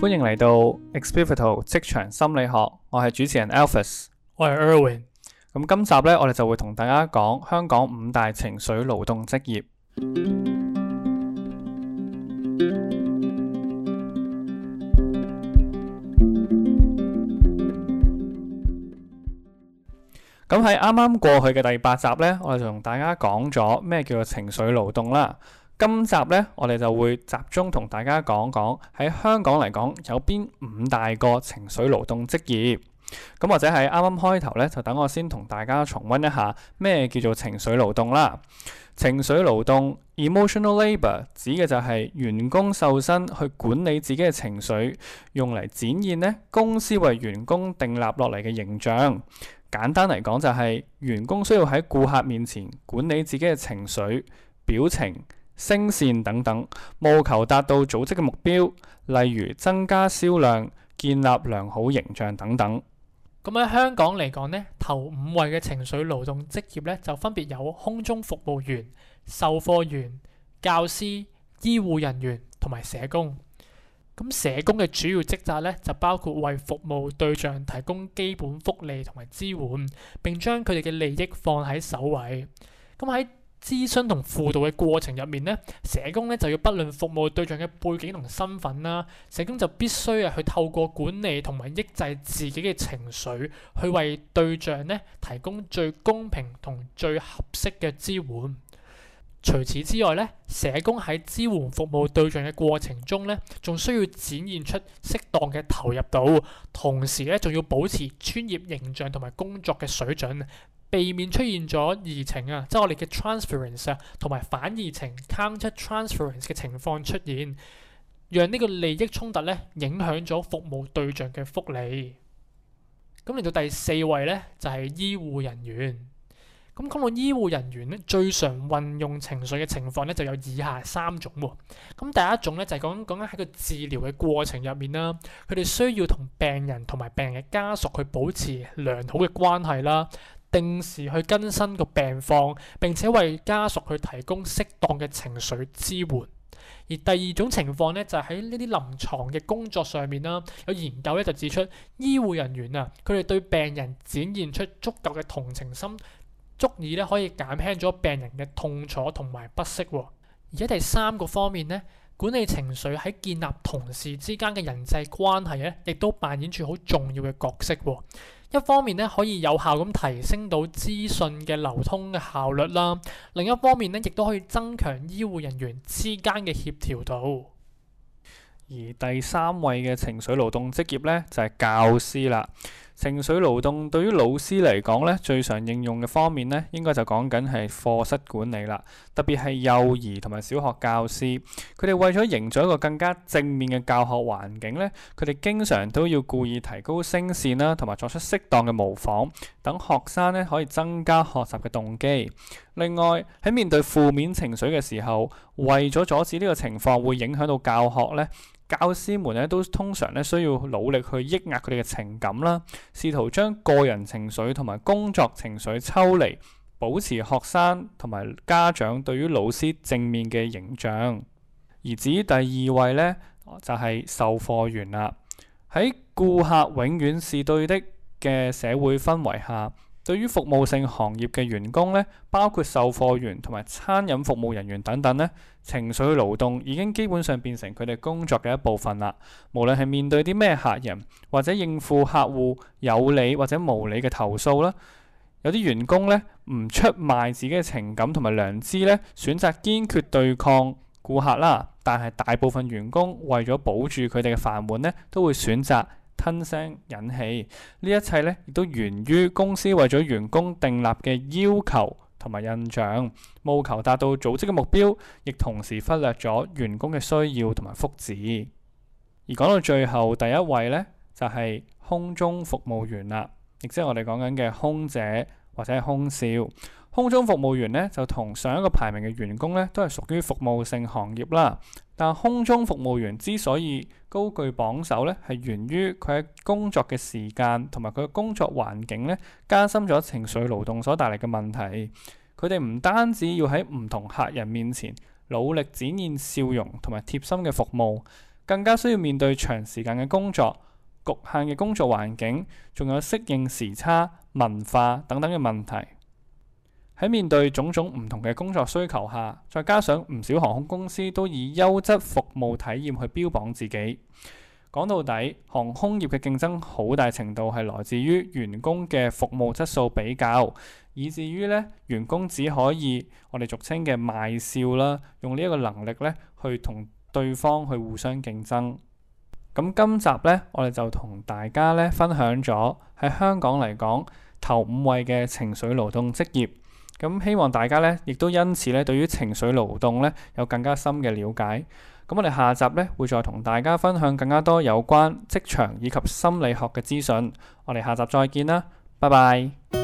歡迎嚟到 Experfital 職場心理學，我係主持人 Alfus，我係 Erwin。咁今集呢，我哋就會同大家講香港五大情緒勞動職業。咁喺啱啱過去嘅第八集呢，我哋就同大家講咗咩叫做情緒勞動啦。今集咧，我哋就會集中同大家講講喺香港嚟講有邊五大個情緒勞動職業。咁、嗯、或者係啱啱開頭咧，就等我先同大家重温一下咩叫做情緒勞動啦。情緒勞動 （emotional l a b o r 指嘅就係員工瘦身去管理自己嘅情緒，用嚟展現咧公司為員工定立落嚟嘅形象。簡單嚟講，就是，就係員工需要喺顧客面前管理自己嘅情緒表情。聲線等等，務求達到組織嘅目標，例如增加銷量、建立良好形象等等。咁喺香港嚟講呢，頭五位嘅情緒勞動職業呢，就分別有空中服務員、售貨員、教師、醫護人員同埋社工。咁社工嘅主要職責呢，就包括為服務對象提供基本福利同埋支援，並將佢哋嘅利益放喺首位。咁喺諮詢同輔導嘅過程入面咧，社工咧就要不論服務對象嘅背景同身份啦，社工就必須啊去透過管理同埋抑制自己嘅情緒，去為對象咧提供最公平同最合適嘅支援。除此之外咧，社工喺支援服務對象嘅過程中咧，仲需要展現出適當嘅投入度，同時咧仲要保持專業形象同埋工作嘅水準。避免出現咗移情啊，即係我哋嘅 transference 啊，同埋反移情 countertransference 嘅情況出現，讓呢個利益衝突咧影響咗服務對象嘅福利。咁嚟到第四位咧，就係醫護人員。咁講到醫護人員咧，最常運用情緒嘅情況咧，就有以下三種。咁第一種咧，就係講講緊喺個治療嘅過程入面啦，佢哋需要同病人同埋病人嘅家屬去保持良好嘅關係啦。定時去更新個病況，並且為家屬去提供適當嘅情緒支援。而第二種情況咧，就喺呢啲臨床嘅工作上面啦。有研究咧就指出，醫護人員啊，佢哋對病人展現出足夠嘅同情心，足以咧可以減輕咗病人嘅痛楚同埋不適。而且第三個方面咧，管理情緒喺建立同事之間嘅人際關係咧，亦都扮演住好重要嘅角色。一方面咧可以有效咁提升到資訊嘅流通嘅效率啦，另一方面咧亦都可以增強醫護人員之間嘅協調度。而第三位嘅情緒勞動職業咧就係教師啦。情緒勞動對於老師嚟講咧，最常應用嘅方面咧，應該就講緊係課室管理啦。特別係幼兒同埋小學教師，佢哋為咗營造一個更加正面嘅教學環境咧，佢哋經常都要故意提高聲線啦，啊，同埋作出適當嘅模仿，等學生咧可以增加學習嘅動機。另外喺面對負面情緒嘅時候，為咗阻止呢個情況會影響到教學咧。教師們咧都通常咧需要努力去抑壓佢哋嘅情感啦，試圖將個人情緒同埋工作情緒抽離，保持學生同埋家長對於老師正面嘅形象。而至於第二位呢，就係售貨員啦。喺顧客永遠是對的嘅社會氛圍下。對於服務性行業嘅員工咧，包括售貨員同埋餐飲服務人員等等咧，情緒勞動已經基本上變成佢哋工作嘅一部分啦。無論係面對啲咩客人，或者應付客戶有理或者無理嘅投訴啦，有啲員工咧唔出賣自己嘅情感同埋良知咧，選擇堅決對抗顧客啦。但係大部分員工為咗保住佢哋嘅飯碗咧，都會選擇吞聲引起，呢一切呢亦都源於公司為咗員工訂立嘅要求同埋印象，務求達到組織嘅目標，亦同時忽略咗員工嘅需要同埋福祉。而講到最後第一位呢就係空中服務員啦，亦即係我哋講緊嘅空姐或者空少。空中服務員呢，就同上一個排名嘅員工呢，都係屬於服務性行業啦。但空中服務員之所以高居榜首咧，係源於佢喺工作嘅時間同埋佢嘅工作環境咧，加深咗情緒勞動所帶嚟嘅問題。佢哋唔單止要喺唔同客人面前努力展現笑容同埋貼心嘅服務，更加需要面對長時間嘅工作、局限嘅工作環境，仲有適應時差、文化等等嘅問題。喺面對種種唔同嘅工作需求下，再加上唔少航空公司都以優質服務體驗去標榜自己。講到底，航空業嘅競爭好大程度係來自於員工嘅服務質素比較，以至於咧員工只可以我哋俗稱嘅賣笑啦，用呢一個能力咧去同對方去互相競爭。咁今集咧，我哋就同大家咧分享咗喺香港嚟講頭五位嘅情緒勞動職業。咁希望大家咧，亦都因此咧，對於情緒勞動咧，有更加深嘅了解。咁我哋下集咧，會再同大家分享更加多有關職場以及心理學嘅資訊。我哋下集再見啦，拜拜。